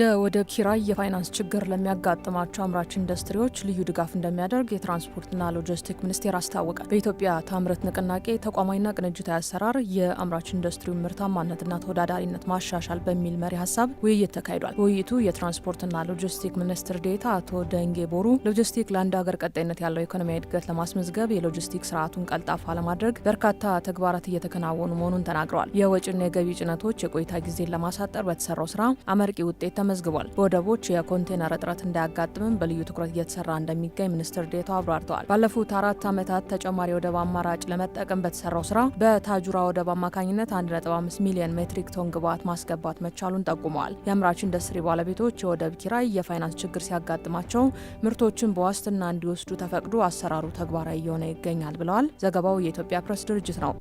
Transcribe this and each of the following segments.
ለወደብ ኪራይ የፋይናንስ ችግር ለሚያጋጥማቸው አምራች ኢንዱስትሪዎች ልዩ ድጋፍ እንደሚያደርግ የትራንስፖርትና ሎጂስቲክ ሚኒስቴር አስታወቀ። በኢትዮጵያ ታምርት ንቅናቄ ተቋማዊና ቅንጅታዊ አሰራር የአምራች ኢንዱስትሪውን ምርታማነትና ተወዳዳሪነት ማሻሻል በሚል መሪ ሀሳብ ውይይት ተካሂዷል። በውይይቱ የትራንስፖርትና ሎጂስቲክ ሚኒስትር ዴታ አቶ ደንጌ ቦሩ ሎጂስቲክ ለአንድ ሀገር ቀጣይነት ያለው ኢኮኖሚያዊ እድገት ለማስመዝገብ የሎጂስቲክ ስርዓቱን ቀልጣፋ ለማድረግ በርካታ ተግባራት እየተከናወኑ መሆኑን ተናግረዋል። የወጪና የገቢ ጭነቶች የቆይታ ጊዜን ለማሳጠር በተሰራው ስራ አመርቂ ውጤት ተመዝግቧል። በወደቦች የኮንቴነር እጥረት እንዳያጋጥምም በልዩ ትኩረት እየተሰራ እንደሚገኝ ሚኒስትር ዴታው አብራርተዋል። ባለፉት አራት ዓመታት ተጨማሪ ወደብ አማራጭ ለመጠቀም በተሰራው ስራ በታጁራ ወደብ አማካኝነት 1.5 ሚሊዮን ሜትሪክ ቶን ግብዓት ማስገባት መቻሉን ጠቁመዋል። የአምራች ኢንዱስትሪ ባለቤቶች የወደብ ኪራይ፣ የፋይናንስ ችግር ሲያጋጥማቸው ምርቶችን በዋስትና እንዲወስዱ ተፈቅዶ አሰራሩ ተግባራዊ እየሆነ ይገኛል ብለዋል። ዘገባው የኢትዮጵያ ፕሬስ ድርጅት ነው።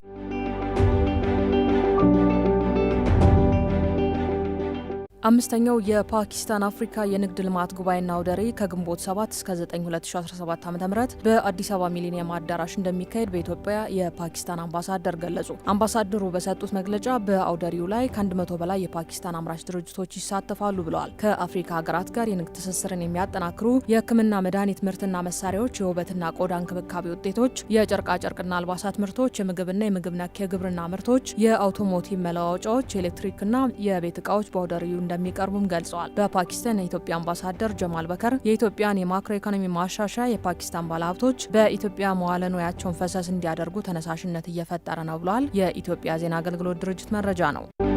አምስተኛው የፓኪስታን አፍሪካ የንግድ ልማት ጉባኤና አውደ ርዕይ ከግንቦት 7 እስከ 9 2017 ዓ ም በአዲስ አበባ ሚሊኒየም አዳራሽ እንደሚካሄድ በኢትዮጵያ የፓኪስታን አምባሳደር ገለጹ። አምባሳደሩ በሰጡት መግለጫ በአውደ ርዕዩ ላይ ከ100 በላይ የፓኪስታን አምራች ድርጅቶች ይሳተፋሉ ብለዋል። ከአፍሪካ ሀገራት ጋር የንግድ ትስስርን የሚያጠናክሩ የሕክምና መድኃኒት ምርትና መሳሪያዎች፣ የውበትና ቆዳ እንክብካቤ ውጤቶች፣ የጨርቃጨርቅና አልባሳት ምርቶች፣ የምግብና የምግብ ነክ የግብርና ምርቶች፣ የአውቶሞቲቭ መለዋወጫዎች፣ የኤሌክትሪክና የቤት እቃዎች በአውደ ርዕዩ እንደሚቀርቡም ገልጸዋል። በፓኪስታን የኢትዮጵያ አምባሳደር ጀማል በከር የኢትዮጵያን የማክሮ ኢኮኖሚ ማሻሻያ የፓኪስታን ባለሀብቶች በኢትዮጵያ መዋለ ንዋያቸውን ፈሰስ እንዲያደርጉ ተነሳሽነት እየፈጠረ ነው ብሏል። የኢትዮጵያ ዜና አገልግሎት ድርጅት መረጃ ነው።